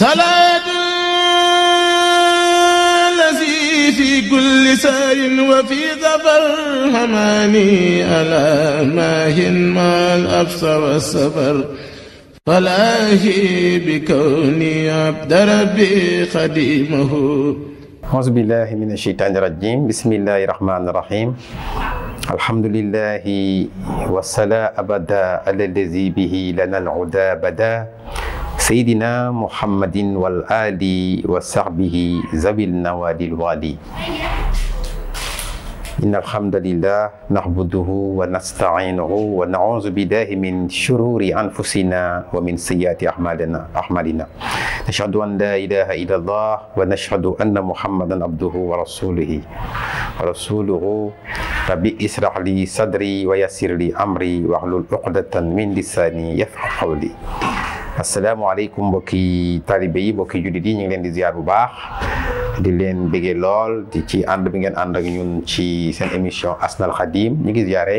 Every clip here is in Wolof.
salaat lazi fi kulli saarin wa fi safar xamaani ala maahin maal absa wa safar falaahi bi kawni abda rabbi xadimahu auzu billahi min asheytaani rajim bismillahi rahmaani rahim alhamdulillahi wasala abada alalazi bihi lana al uda bada saydina muhammadin wal ali wa sahbihi zabil nawadil wali إن الحمد لله نعبده ونستعينه ونعوذ بالله من شرور أنفسنا ومن سيئات أعمالنا أعمالنا نشهد أن لا إله إلا الله ونشهد أن محمدا عبده ورسوله ورسوله ربي اسرح لي صدري ويسر لي أمري واحلل عقدة من لساني يفقه قولي asalaamaaleykum mbokki taalibe yi mbokki jullit yi ñu ngi leen di ziar bu baax di leen bëggee lool di ci ànd bi ngeen ànd ak ñun ci seen émission Asnal Khadim ñi ngi ziare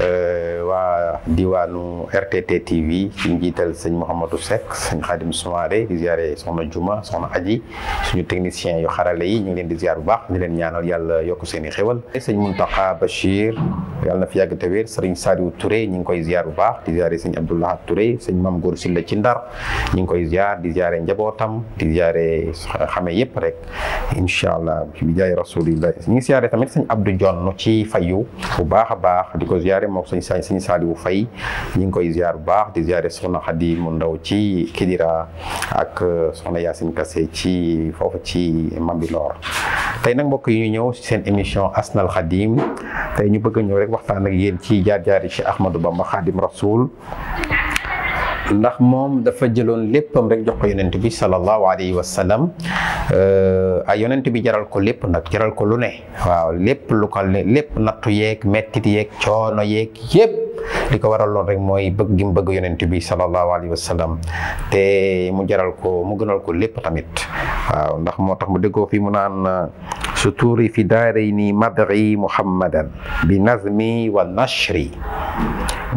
euh, waa diwaanu RTT TV ci njiital sëñ Mouhamadou Seck sëñ Khadim Soumaré di ziare soxna Juma soxna Aji suñu technicien yu xarale yi ñu ngi leen di ziar bu baax di leen ñaanal yàlla yokk seeni i xéwal sëñ Mountakha Bachir yàlla na fi yàgg te wér sëriñ Sadiou Touré ñu ngi koy ziar bu baax di ziare sëñ Abdoulaye Touré sëñ Mame Gor la ci Ndar ñu ngi koy ziar di ziare njabootam di ziare xame yëpp rek incha allah bi jaay rasulillah ñu ngi siyaare tamit sëñ Abdou Jonn ci fayu bu baax a baax di ko siyaare moom sëñ sa sëñ Saaliwu Fay ñu ngi koy siyaar bu baax di siyaare soxna Xadi mu ndaw ci Kidira ak euh, soxna Yaasin Kase ci foofu ci Mambilor tey nag mbokk yi ñu ñëw seen émission Asnal Xadim tey ñu bëgg ñëw rek waxtaan ak yéen ci jaar jaari Cheikh Ahmadou Bamba Xadim Rasoul ndax moom dafa jëloon léppam rek jox ko yonent bi sallallahu alayhi wa sallam euh, ay yonent bi jaral ko lépp nag jaral ko lu ne waaw lépp lu ko lépp nattu yeeg mettit yeeg coono yeeg yépp li ko waral loon rek mooy bëgg gi mu bëgg yonent bi sallallahu alayhi wa sallam te mu jaral ko mu gënal ko lépp tamit waaw ndax moo tax mu déggoo fi mu naan suturi fi daarayni madri muhammadan bi nazmi wa nashri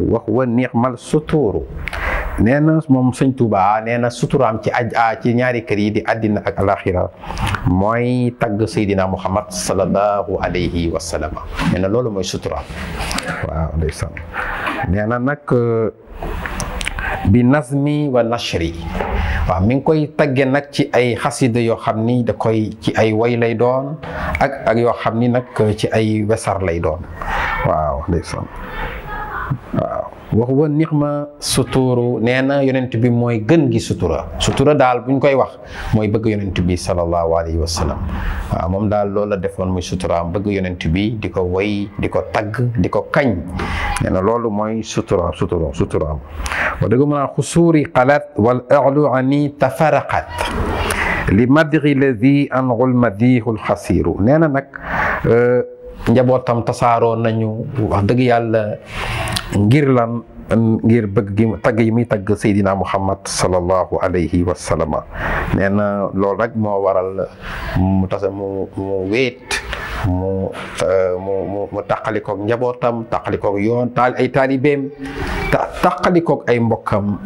wax wa ni'mal suturu nee moom sëñ Touba nee na suturaam ci aj ah, ci ñaari kër yi di àddina ak alaxira mooy tagg Seydina Muhammad sallallahu alayhi wa sallam nee na loolu mooy suturaam waaw ndeysaan nag euh, bi nazmi wa nashri waaw mi ngi koy tagge nag ci ay xasid yoo xam ni da koy ci ay waylay lay doon ak yoo xam ni nag ci ay wesar lay doon waa wax wa nixma suturu nee na yonent bi mooy gën gi sutura sutura daal buñ koy wax mooy bëgg yonent bi sallallahu alayhi wa sallam moom daal loolu la defoon muy suturaam bëgg yonent bi di ko woy di ko tagg di ko kañ loolu mooy suturaam suturaam suturaam wa dëgg mën naa xusuuri qalat wal a'lu ani tafaraqat li madri ladi an gulmadihu lxasiru nee na nag euh, njabootam tasaaroo nañu wax dëgg yàlla ngir lan ngir bëgg gi tagg yi muy tagg Seydina Muhammad sallallahu alayhi wa sallama nee na loolu rek moo waral mu tasa mu mu wéet mu euh, njabootam taqalikoog yoon taal ay taalibeem ay mbokkam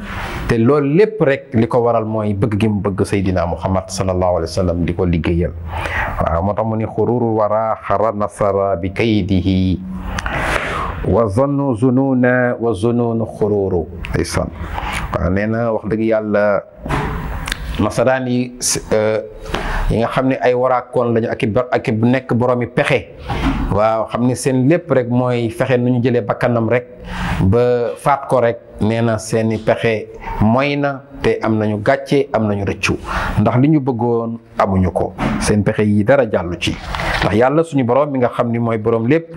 te loolu lépp rek li ko waral mooy bëgg gi mu bëgg Seydina Muhammad sallallahu alayhi wa sallam di ko liggéeyal moo tax ni xururu wara xara nasara bi kaydihi wa zannu zunuuna wa zunuunu xuruuru nee na wax dëgg yàlla nasaraan yi euh, yi nga xam ne ay waraakoon lañu ak i bu nekk boroomi pexe waaw xam ne seen lépp rek mooy fexe nu ñu jëlee bakkanam rek ba faat ko rek nee na seeni pexe moy na te am nañu gàcce am nañu rëccu ndax li ñu bëggoon amuñu ko seen pexe yi dara jàllu ci ndax yàlla suñu borom mi nga xam ni mooy borom lépp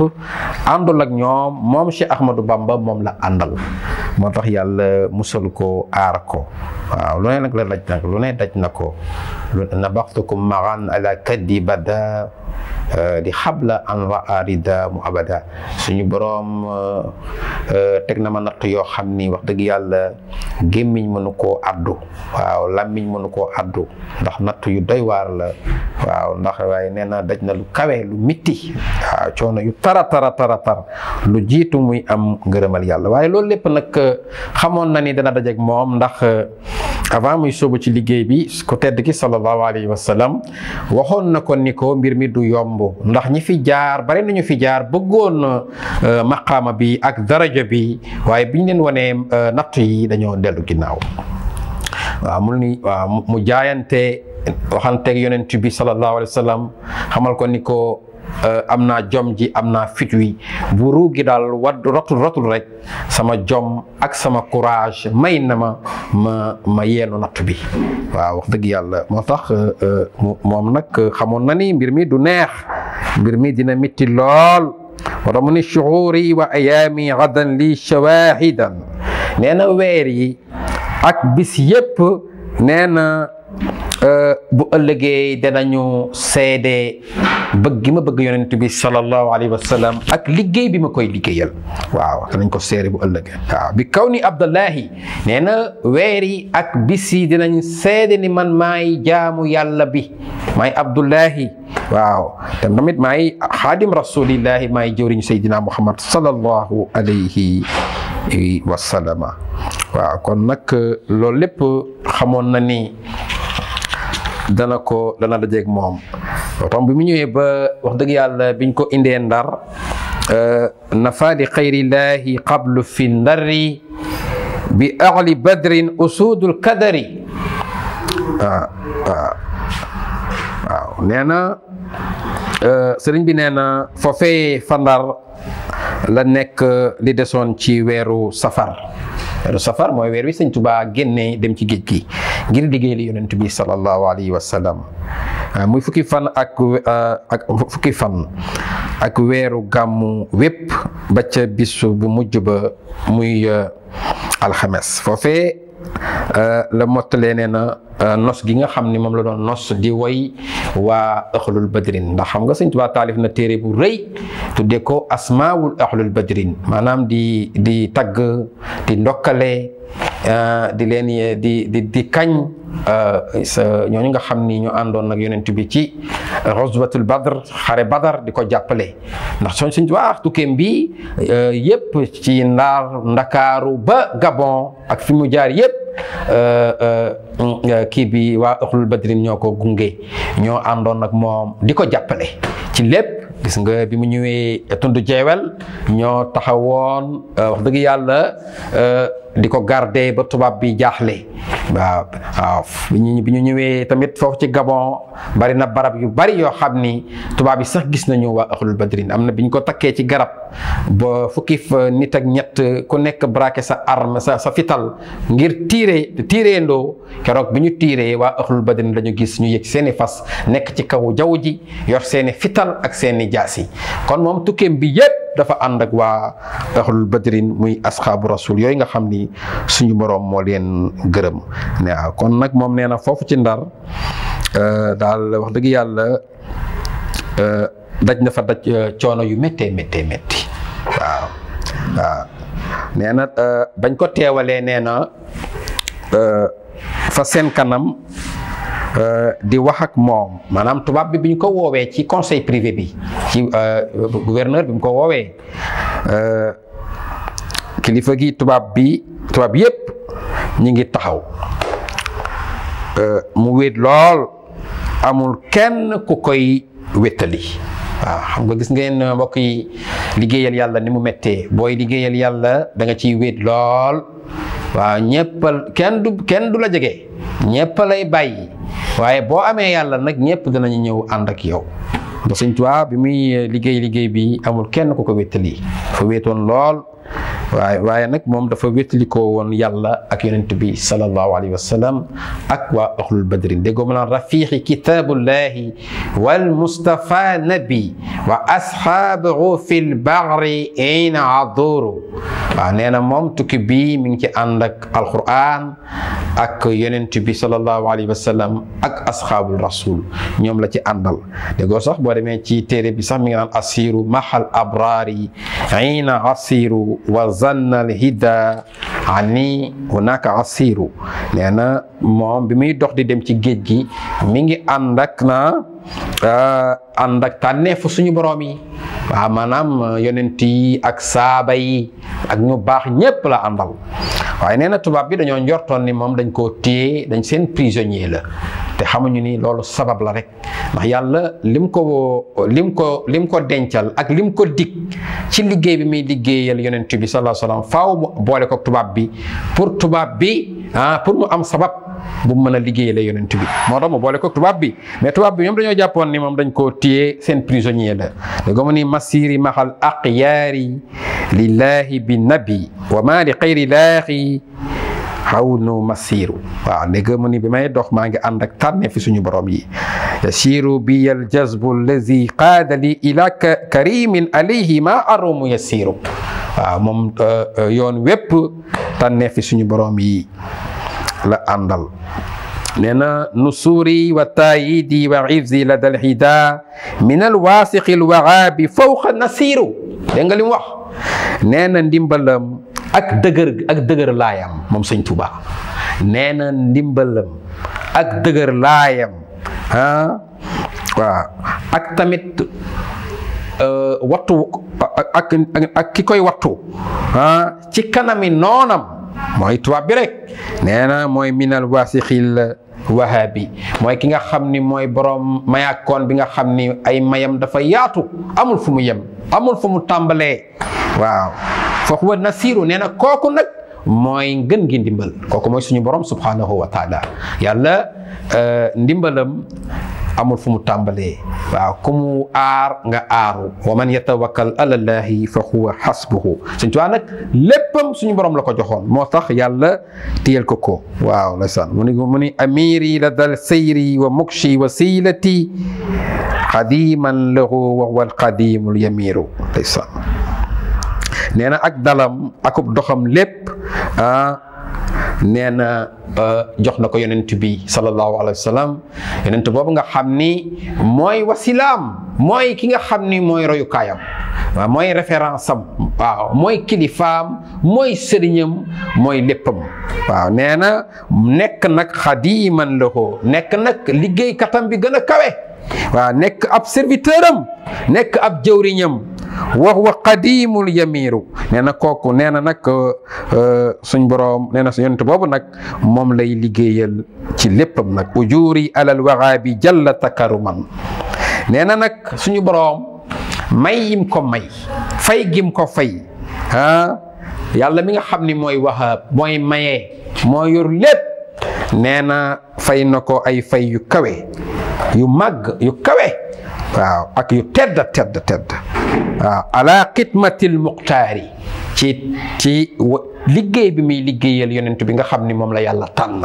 àndul ak ñoom moom Cheikh Ahmadou Bamba moom la àndal moo tax yàlla musal ko aar ko waaw lu ne nag la daj nag lu ne daj na ko nabaxtukum maran ala kaddi bada euh, di xabla an raarida mu abada suñu boroom euh, euh, teg na ma natt yoo xam ni wax dëgg yàlla gémmiñ mënu koo addu waaw làmmiñ mënu koo addu ndax natt yu doy waar la waaw ndax nee na daj na lu kawe lu mitti waaw coono yu tara tara tara tar lu jiitu muy am ngërëmal yàlla waaye loolu lépp nag euh, xamoon na ni dana dajeeg moom ndax euh, avant muy sóobu ci liggéey bi ku tedd ki sallallahu alayhi wa sallam waxoon na ko ni ko mbir mi du yomb ndax ñi fi jaar bari nañu fi jaar bëggoon euh, maqaama bi ak daraja bi waaye biñ leen wanee natt yi dañoo dellu ginnaaw waaw mu mu jaayante waxanteeg yonent bi sallallahu alayhi wa xamal ko ni ko Euh, am naa jom ji am naa fit wi bu ruu gi daal wadd rotul rotul rek sama jom ak sama courage may na ma ma ma yeenu natt bi waaw wax dëgg yàlla moo tax euh, euh, moom nag xamoon na ni mbir mi du neex mbir mi dina mitti lool wara mu ni shuhuri wa ayaami gadan li shawahidan nee na weer yi ak bis yépp nee na Euh, bu ëllëgee danañu seede bëgg gi ma bëgg yonent bi sallallahu alayhi wa sallam ak liggéey bi ma koy liggéeyal waaw danañ ko seede bu ëllëgee bi kaw ni Abdullahi nee na weer yi ak bisi yi dinañ seede ni man maay jaamu yàlla bi maay Abdullahi waaw te tamit maay xaadim rasulillahi maay jëwriñ Seydina Muhammad sallallahu alayhi wa sallam waaw kon nag loolu lépp xamoon na ni. dana ko dana dajeeg moom tom bi mu ñëwee ba wax dëgg yàlla biñ ko indee ndar euh, nafaadi xayrillaahi qablu fi ndari bi ahli badrin usudul kadari ah, ah, waaw waaw na euh, sëriñ bi nee na foofee fa la nekk euh, li desoon ci weeru safar weeru safar mooy weer wi sëñ Tuubaa génnee dem ci géej gi ngir liggéey li yonent bi sallallahu alayhi wa sallam euh, muy fukki fan ak euh, ak weeru gàmmu wépp ba ca bisu bu mujj ba muy alxames foofee la mottalee nee na Euh, nos gi nga xam ni moom la doon nos di woy waa axlul badrin ndax xam nga sëñ Tuubaa taalif na téere bu rëy de ko asmaawul axlul badrin maanaam di di tagg di ndokkale euh, di leen di di di kañ euh, ñooñu nga xam ni ñu àndoon nag yonent bi ci Ghazwatul Badr xare Badar di ko jàppale ndax soñ suñ waax tukkeem bi yëpp ci ndaar Ndakaaru ba Gabon ak fi mu jaar yëpp Euh, euh, euh, kii bi waa Axlul Badrin ñoo ko gunge ñoo àndoon nag moom di ko jàppale ci lépp gis nga bi mu ñëwee tund jeewel ñoo taxawoon wax dëgg yàlla di ko garder ba tubaab bi jaaxle waaw waaw bi ñu ñëwee tamit foofu ci Gabon bari na barab yu bari yoo xam ni tubaab yi sax gis nañu waa axlul badrin am na bi ñu ko takkee ci garab ba fukki nit ak ñett ku nekk braqué sa arme sa fital ngir tiire tiireendoo keroog bi ñu tiire waa axlul badrin lañu gis ñu yëg seeni fas nekk ci kaw jaww ji yor seeni fital ak seeni jaasi kon moom tukkeem bi yépp dafa ànd ak waa ahlul badrin muy asxaabu rasul yooyu nga xam ni suñu boroom moo leen gërëm waaw kon nag moom nee na foofu ci ndar euh, daal wax dëgg yàlla euh, daj na fa daj euh, coono yu méttee méttee métti waaw waaw na bañ ko teewalee nee na fa seen kanam Euh, di wax moom maanaam tubaab bi bi ñu ko woowee ci conseil privé bi ci euh, gouverneur bi mu ko woowee euh, kilifa gi tubaab bi tubaab yépp ñu ngi taxaw mu wéet lool amul kenn ku koy wéttali waaw xam nga gis ngeen mbokk yi liggéeyal yàlla ni mu méttee booy liggéeyal yàlla danga nga ciy wéet lool waaw ñéppal kenn du la jege ñéppa lay bàyyi waaye boo amee yàlla nag ñëpp dinañu ñëw ànd ak yow ba Sëñ bi muy liggéey liggéey bi amul kenn ku ko wéttali fa wéetoon lool waaye waaye nag moom dafa wéttalikoo woon yàlla ak yonent bi sallallahu alayhi wa sallam ak waa axlul badrin déggoo ma naan rafiqi kitaabullahi wal mustafa nabi wa asxaabahu fi lbagri in aduru waaw nee na moom tukki bii mi ngi ci ànd ak alquran ak yonent bi sallallahu alayhi wa sallam ak asxaabul rasul ñoom la ci àndal déggoo sax boo demee ci téere bi sax mi ngi naan asiru mahal abraari hina asiru wa zanna al hida ani hunaka asiru nee na moom bi muy dox di dem ci géej gi mi ngi ànd ak na euh, ànd ak tànneefu suñu boroom yi waaw maanaam yonent yi ak saaba yi ak ñu baax ñépp la àndal waaye nee na tubaab bi dañoo njortoon ni moom dañ koo tiye dañ seen prisonnier la te xamuñu ni loolu sabab la rek ndax yàlla lim ko lim ko lim ko dencal ak lim ko dig ci liggéey bi muy liggéeyal yonent bi sallallahu alayhi faw faaw boole ko tubaab bi pour tubaab bi ah pour mu am sabab. bu mu mën a liggéeyale yonent bi moo tax mu boole ko tubaab bi mais tubaab bi ñoom dañoo jàppoon ni moom dañ koo téye seen prisonnier la léegi mu ni masiri maxal aqyaari lillahi bi nabi wa ma li xayri laahi xawnu masiru waaw ndégga mu ni bi may dox maa ngi ànd ak tànne fi suñu borom yi yasiru bi al jazbu allazi qaada li ila karimin alayhi ma arumu yasiru waaw moom euh, euh, yoon wépp tànne fi suñu borom yi la àndal nee na nusuuri wa taayidi wa ifzi la dal xida min al waasiqi al waraabi fawqa nasiru dégg nga li wax nee na ndimbalam ak dëgër ak dëgër laayam moom sëñ Touba nee na ndimbalam ak dëgër laayam ah ak tamit euh, wattu ak ak ki koy wattu ah ci i noonam mooy tubaab bi rek na mooy minal waasixil wahabi mooy ki nga xam ni mooy borom mayaakoon bi nga xam ni ay mayam dafa yaatu amul fu mu yem. amul fu mu tàmbalee waaw fa huwa nasiru nee na kooku nag mooy ngën gi ndimbal kooku mooy suñu borom subhanahu wa taala yàlla euh, ndimbalam amul fu mu tàmbalee waaw ku mu aar nga aaru wa man yatawakkal ala llahi fa huwa xasbuhu suñ tuwaa nag léppam suñu borom la ko joxoon moo tax yàlla téyel ko ko waaw ndeysaan mu ni mu ni amiri la dal sayri wa mukshi qadiman lahu wa huwa alqadimul yamiru nee na ak dalam akub doxam lépp ah nee na ah, jox na ko yonent bi sallallahu alayhi wa sallam yonent boobu nga xam ni mooy wasilaam mooy ki nga xam ni mooy royukaayam waaw mooy référence am waaw mooy kilifaam mooy sëriñam mooy léppam waaw nee na nekk nag xadiman lahu nekk nag liggéeykatam bi gën a kawe waaw nekk ab serviteur nekk ab jëwriñam wax wa qadimul yamiru nee na kooku nee na nag euh, euh, suñ boroom nee na su yonent boobu nag moom lay liggéeyal ci léppam nag ujuuri alal waxa bi jalla takaruman nee na nag suñu boroom may yim ko may fay gim ko fay ah yàlla mi nga xam ni mooy wahaab mooy maye moo yor lépp nee na fay na ko ay fay yu kawe yu màgg yu kawe waaw ak yu tedd tedd tedd waaw ala xidmatil muxtaari ci ci liggéey bi muy liggéeyal yonent bi nga xam ni moom la yàlla tànn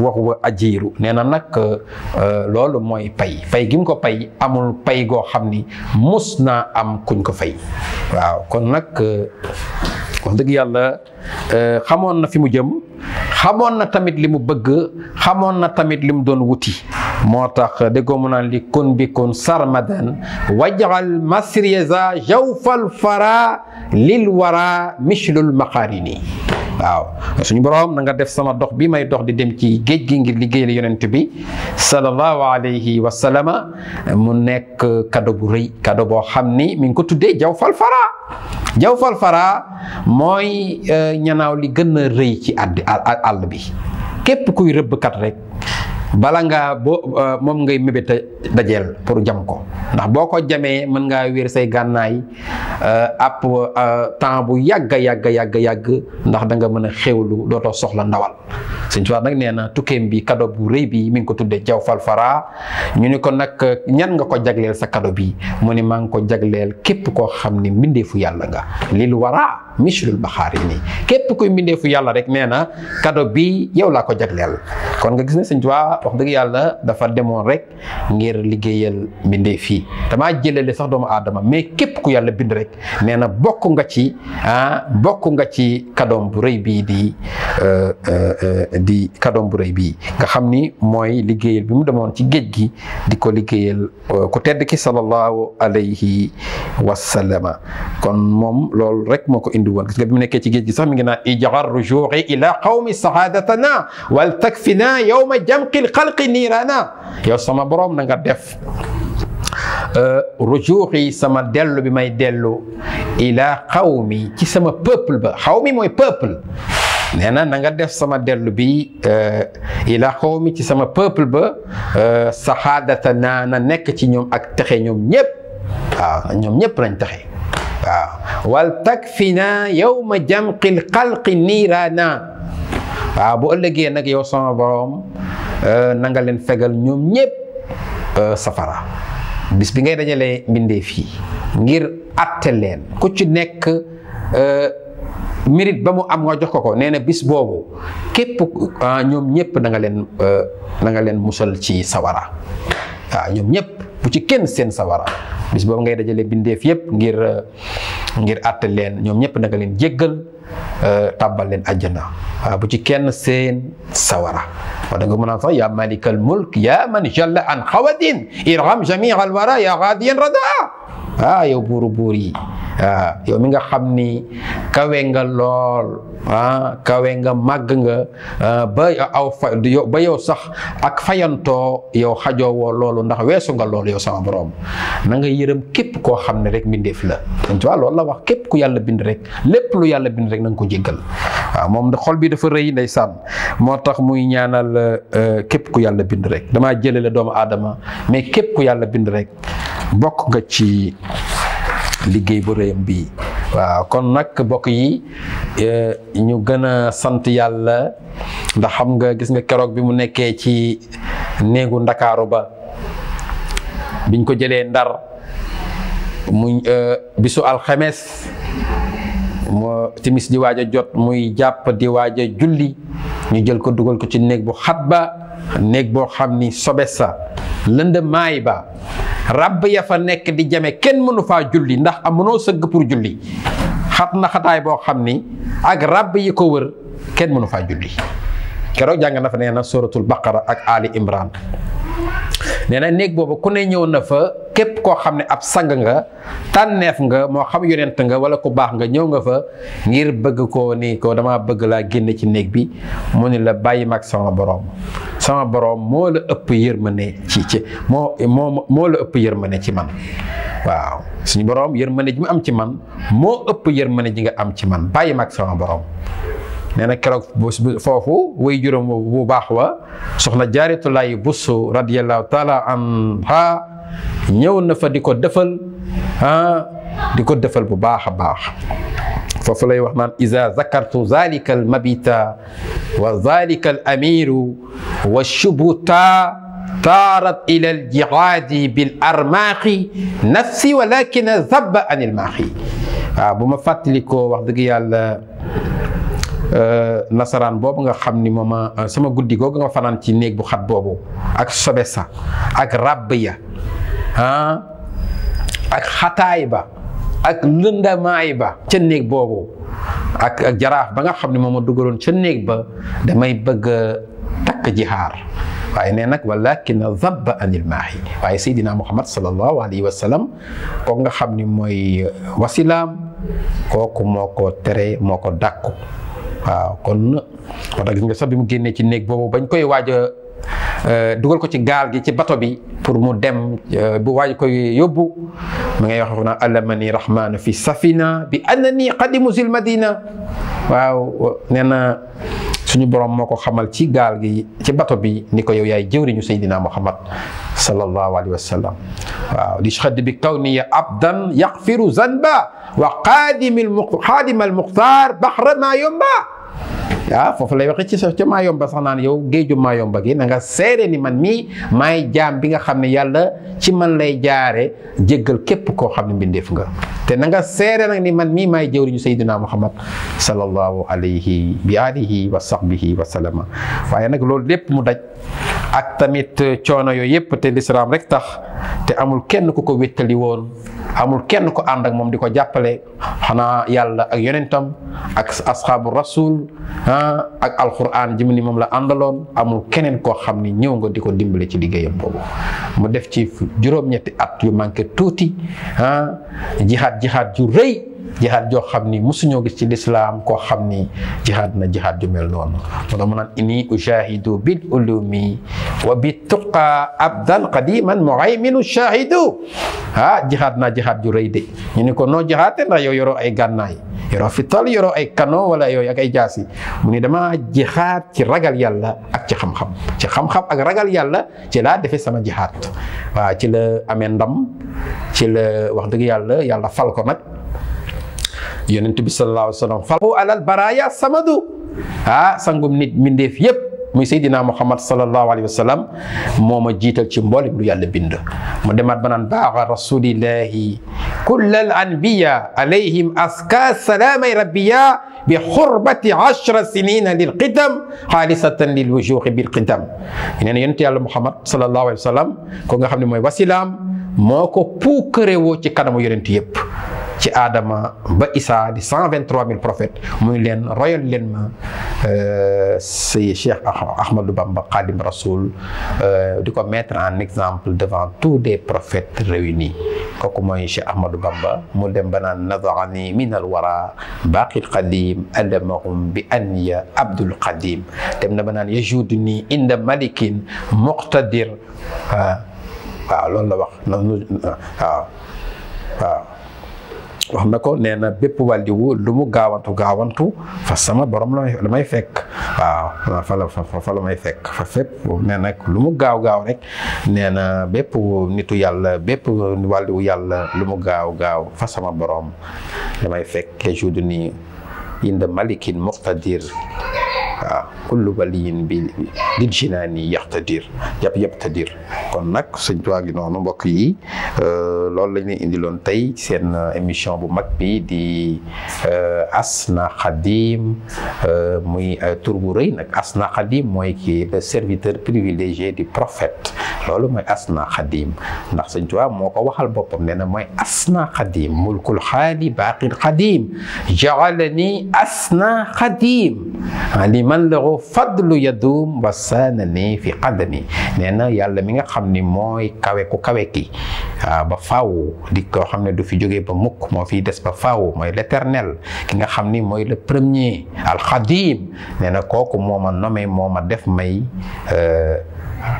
wax wa ajiiru nee na nag euh, euh, loolu mooy pay pay gi ko pay amul pay goo xam ni mus naa am kuñ ko fay waaw kon nag euh, wax dëgg yàlla euh, xamoon na fi mu jëm xamoon na tamit li mu bëgg xamoon na tamit li mu doon wuti moo tax déggoo mu naan li kun bi kun sarmadan wajal masriza jawfal fara lil wara mishlul maqarini waaw suñu boroom na nga def sama dox bi may dox di dem ci géej gi ngir liggéeyal yonent bi sallallahu alayhi wa sallama mu nekk kado bu rëy kado boo xam ni mi ngi ko tuddee jawfal fara jaw fara mooy euh, ñanaw li gën a rëy ci àdd àll bi képp kuy rëbbkat rek bala nga boo euh, moom ngay mébét dajeel pour jam ko ndax boo ko jamee mën ngaa wéer say gànnaay euh, ab euh, temps bu yàgg yàgg yàgg yàgg ndax danga mën a xéwlu dootoo soxla ndawal Sëñ Tuubaa nag nee na tukkeem bi kado bu rëy bi mi ngi ko tuddee jaw falfara ñu ni ko nag ñan nga ko jagleel sa kado bi mu ni maa ngi ko jagleel képp koo xam ni mbindeefu yàlla nga lil wara mishlul baxaar yi képp kuy mbindeefu yàlla rek nee na kado bi yow laa ko jagleel kon nga gis ne Sëñ wax dëgg yàlla dafa demoon rek ngir liggéeyal mbindeef yi damaa jëlale sax doomu aadama mais képp ku yàlla bind rek nee na bokk nga ci ah bokk nga ci kadoom bu rëy bii di euh, euh, euh, di kadoom bu rëy bii nga xam ni mooy liggéeyal bi mu demoon ci géej gi di ko liggéeyal ku tedd ki sallallahu alayhi wasallama kon moom loolu rek moo ko indi woon gis nga bi mu nekkee ci géej gi sax mi ngi naan ijaar rujuuxi ila qawmi saadatana wal takfina yawma jamqil xalqi niiraana yow sama borom na nga def euh, rujuuxi sama dellu bi may dellu ila xawmi ci sama peuple ba xawmi mooy peuple nee na na nga def sama dellu bi euh, ila xawmi ci sama peuple ba euh, saxaadata naa na nekk ci ñoom ak texe ñoom ñëpp waaw ñoom ñëpp lañ texe waaw wal takfina yawma jamqil xalqi niiraana waaw bu ëllëgee nag yow sama borom Euh, na nga leen fegal ñoom ñépp euh, safara bis bi ngay dajalee mbindeef yi ngir atte leen ku ci nekk euh, mirit ba mu am nga jox ko ko nee na bis boobu képp ah, ñoom ñépp da leen da nga leen musal ci sawara waaw ah, ñoom ñépp bu ci kenn seen sawara bis boobu ngay dajalee bindeef yépp ngir ngir àtte leen ñoom ñépp da leen jéggal Euh, tàbbal leen àjjana waaw bu ci kenn seen sawara wa da nga mën a sax yaa malikal mulk yaa man jalla an xawadin irham jamia alwara yaa xaadiyan radaa ah yow buur buur yi ah yow mi nga xam ni kawe nga lool ah, kawee nga màgg nga ah, ba aw ba yow sax ak fayantoo yow xajoowoo loolu ndax weesu nga lool yow sama borom na nga yërëm képp koo xam ne rek mbindeef la tu vois la wax képp ku yàlla bind rek lépp lu yàlla bind rek na nga ko jéggal waaw ah, moom xol bi dafa rëy ndeysaan moo tax muy ñaanal eh, eh, képp ku yàlla bind rek damaa jëlee la doomu aadama mais képp ku yàlla bind rek bokk nga ci liggéey bu réyam bii waaw kon nag bokk yi eh, ñu gën a sant yàlla ndax xam nga gis nga keroog bi mu nekkee ci néegu ndakaaru ba biñ ko jëlee ndar mu eh, bisu alxemes moo timis di waaj a jot muy jàpp di waaj julli ñu jël ko dugal ko ci néeg bu xat ba néeg boo xam ni sobe lënd maay ba ràbb ya fa nekk di jame kenn mënu fa julli ndax mënoo sëgg pour julli xat na xataay boo xam ni ak ràbb yi ko wër kenn mënu faa julli keroog jàng na fa ne na suratul baqara ak ali imran nee na néeg booba ku ne ñëw na fa képp koo xam ne ab sang nga tànneef nga moo xam yonent nga wala ku baax nga ñëw nga fa ngir bëgg ko ni ko dama bëgg laa génn ci néeg bi mu ni la bàyyi mag sama boroom sama boroom moo la ëpp yërmande ci ci moo moo moo la ëpp yërmande ci man waaw suñu boroom yërmande ji mu am ci man moo ëpp yërmande ji nga am ci man bàyyi mag sama boroom nee na keroog foofu way juróom bu baax wa soxna jaaritulaay busu radiyallahu taala anha ñëw na fa di ko defal ah di ko defal bu baax a baax foofu lay wax naan iza zakartu zalika al mabita wa zalika al amiru wa shubuta taarat ila al jihaadi bil armaaqi nafsi walakin zabba an il maaxi waaw ah, bu ma fàttalikoo wax dëgg yàlla Euh, nasaraan boobu nga xam ni mooma euh, sama guddi googu nga fanaan ci néeg bu xat boobu ak sobe ak ràbb ya ah, ak xataay ba ak lëndamaay ba ca néeg boobu ak ak ba nga xam ne moom ma dugaloon ca néeg ba damay bëgg takk ji xaar waaye nee nag walakin zaba anil maahi waaye saydina muhammad salallahu alayhi wa sallam kooku nga xam ni mooy euh, wasilaam kooku moo ko tere moo ko dàkku waaw kon moo gis sax bi mu génnee ci néeg boobu bañ koy waaj euh, dugal ko ci gaal gi ci bato bi pour mu dem euh, bu waaj koy yóbbu mi ngay wax na alamani rahmaanu fi safina bi annani qadimu zil madina waaw nee suñu borom moo ko xamal ci gaal gi ci bato bi ni ko yow yaay jëwriñu Seydina Muhammad sallallahu alayhi wa sallam waaw li xadd bi kawniya abdan yaqfiru zanba wa qaadimil xaadimal muxtaar baxra ma yomba ah foofu lay waxee ci sa ca maa yomba sax naan yow géeju maa yomba gi na nga seede ni man mii maay jaam bi nga xam ne yàlla ci man lay jaare jéggal képp koo xam ne mbindeef nga te na nga seede nag ni man mii maay jëwriñu sayyidina muhammad sallallahu alayhi bi alihi wa sahbihi wa sallama waaye nag loolu lépp mu daj ak tamit euh, coono yooyu yëpp te lislaam rek tax te amul kenn ku ko wéttali woon amul kenn ko ànd ak moom di ko jàppale xanaa yàlla ak yonentam ak asxaabu rasul ah, ak alquran ji mu ni moom la àndaloon amul keneen koo xam ni ñëw nga di ko dimbale ci liggéeyam boobu mu def ci juróom-ñetti at yu manqué tuuti ah jixaat jixaat ju jihaad joo xam ni mosuñoo gis ci lislaam koo xam ni jihaad na jihaad ju mel noonu moo tax mu ini inni ujahidu bil ulumi wa bi tuqa abdan qadiman muhayminu shahidu ah jihaad naa jihaad ju rëy de ñu ni ko noo jihaate ndax yow yoroo ay gànnaay yoroo fital yoroo ay canon wala yooyu ak ay jaasi mu ni dama jihaad ci ragal yàlla ak ci xam-xam ci xam ak ragal yàlla ci laa defe sama jihaad ci la amee ndam ci la wax dëgg yàlla yàlla fal ko nag yonent bi sallallahu alayhi wa sallam falahu alal baraya samadu ah sangum nit mindeef yépp muy Seydina Muhammad sallallahu alayhi wa sallam moo ma jiital ci mboolem lu yàlla bind mu demaat banaan baaxa rasulillahi kullal anbiya alayhim aska salaamay rabbiya bi xurbati ashra sinina lil qidam xaalisatan lil wujuhi bil qidam nee na yonent yàlla Muhammad sallallahu alayhi wa sallam ko nga xam ne mooy wasilaam moo ko puukare woo ci kanamu yonent yépp ci aadama ba isaa di mille prophètes mu ni leen royal leen ma euh, si Cheikh Ahmadou Bamba Khadim Rasoul euh, di ko mettre en exemple devant tous des prophètes réunis kooku mooy Cheikh Bamba mu dem ba naan min al wara baqil qadim adamahum bi anniya abdul qadim dem na ba naan yajudni inda malikin muqtadir ah, wax na ko nee na bépp wàlliwu lu mu gaawantu gaawantu fa sama borom la may fekk waaw fa la la may fekk fa fépp nag lu mu gaaw gaaw rek na bépp nitu yàlla bépp wàlliwu yàlla lu mu gaaw gaaw fa sama borom damay fekk ke jour du nii inda malikin muqtadir waaw kullu waliyin bi di jinaani yaxtadir yab yabtadir kon nag sëñ Tuubaa gi noonu mbokk yi euh, loolu lañ leen indiloon tey seen euh, émission bu mag bi di euh, Asna Khadim muy tur bu rëy nag Asna Khadim mooy kii le serviteur privilégié du prophète loolu mooy Asna Khadim ndax sëñ Tuubaa moo ko waxal boppam nee na mooy Asna Khadim mulkul xaali baaqil Khadim jaalani Asna Khadim man lahu fadlu yadum wa saanani fi qadami nee na yàlla mi nga xam ni mooy kawe ku kawe ki ah, ba faaw di koo xam ne du fi jógee ba mukk moo fiy des ba faaw mooy l'éternel ki nga xam ni mooy le premier alxadim nee na kooku moo ma nommé moo ma def may euh,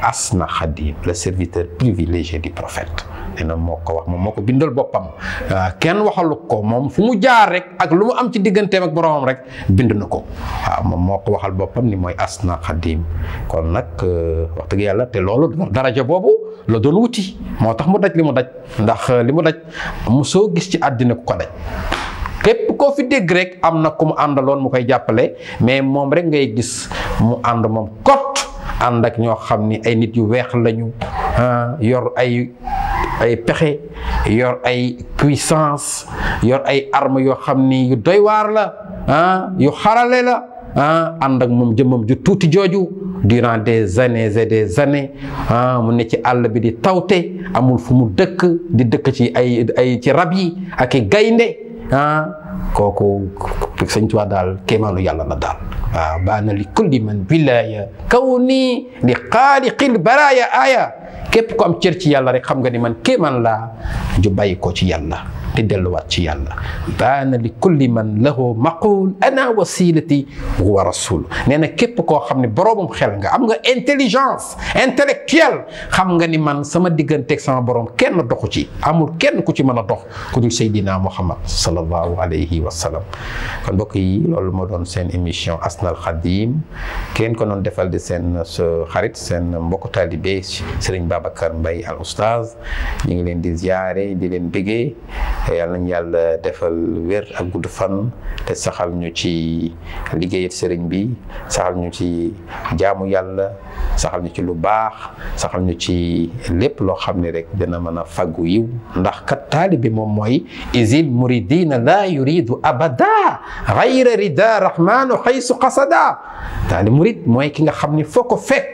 asna xadim le serviteur privilégié du prophète dina moo ko wax moom moo ko bindal boppam euh, kenn waxalu ko moom fu mu jaar rek ak lu mu am ci digganteem ak boromam rek bind na ko waaw moom moo ko waxal boppam ni mooy asna xadim kon nag euh, wax dëgg yàlla te loolu daraja boobu la doon wuti moo tax mu daj li mu daj ndax euh, li mu daj mu soo gis ci àddina ku ko daj képp koo fi dégg rek am na ku mu àndaloon mu koy jàppale mais moom rek ngay gis mu ànd moom kot ànd ak ñoo xam ni ay nit yu weex lañu ah, yor ay ay pexe yor ay puissance yor ay armes yoo xam ni yu doy waar la ah yu xarale la ah ànd ak moom jëmmam ju tuuti jooju durant des années et des années ah mu ne ci àll bi di tawte amul fu mu dëkk di dëkk ci ay ay ci rab yi ak i gaynde ah kooku sëñ Tuubaa daal kéemaanu yàlla la daal waaw baana li kulli man billaaya kaw nii li xaaliqil baraaya aaya képp ko am cër ci yàlla rek xam nga ni man man laa ju bàyyi ko ci yàlla te delluwaat ci yàlla daana li kulli man lahu maqul ana wasilati wa rasul nee na képp koo xam ne boroomam xel nga am nga intelligence intellectuelle xam nga ni man sama digganteeg sama borom kenn doxu ci amul kenn ku ci mën a dox ku dul Seydina Muhammad sallallahu alayhi wa sallam kon mbokk yi loolu moo doon seen émission Asnal Khadim kenn ko noon defal di seen xarit seen mbokk taalibe Serigne Babacar Mbaye al oustaz ñu ngi leen di ziare di leen bëggee yàlla nañ yàlla defal wér ak gudd fan te saxal ñu ci liggéeyat sëriñ bi saxal ñu ci jaamu yàlla saxal ñu ci lu baax saxal ñu ci lépp loo xam ne rek dina mën a faggu yiw ndax kat taalibi moom mooy isil muridina la yuridu abada ghayra rida rahmanu xaysu qasada taali murit mooy ki nga xam ni foo ko fekk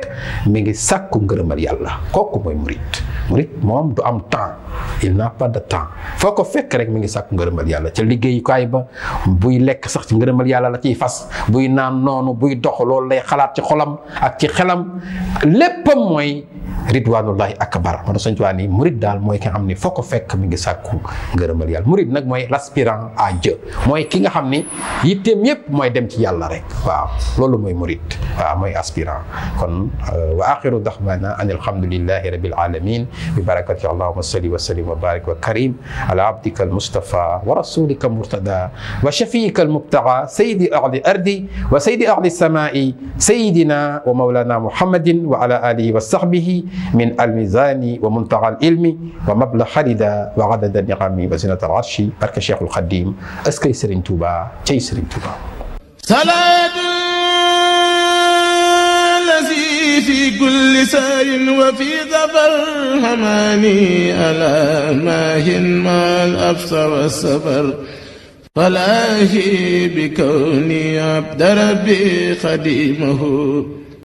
mi ngi sàkku ngërëmal yàlla kooku mooy murit moom du am temps il n'a pas de temps foo ko fekk rek mi ngi sàkku ngërëmal yàlla ci liggéeyukaay ba buy lekk sax ci ngërëmal yàlla la ciy fas buy naan noonu buy dox loolu lay xalaat ci xolam ak ci xelam léppam mooy ridwanullahi akbar moo tax sëñ Tuubaa ni murid daal mooy ki nga xam ni foo ko fekk mi ngi sàkku ngërëmal yàlla murid nag mooy l'aspirant à Dieu mooy ki nga xam ni yitteem yépp mooy dem ci yàlla rek waaw loolu mooy murid waaw mooy aspirant kon wa axiru daxwana an alhamdulillahi rabbil alamin bi barakati allahuma salli wa sallim wa barik wa karim ala abdika almustafa wa rasulika murtada wa shafiika almubtaga sayidi ahli ardi wa sayidi ahli samai sayidina wa maulana muhammadin wa ala alihi wa sahbihi min almizani wa muntaha al ilmi wa mabla xarida wa adada niami wa zinata al arshi barke cheikhul xadim askay sëriñ tuuba cay sëriñ tuuba salaatu lazi fi kulli sayrin wa fi zafar hamani ala mahin mal absar wa sabar فلاهي بكوني عبد ربي خديمه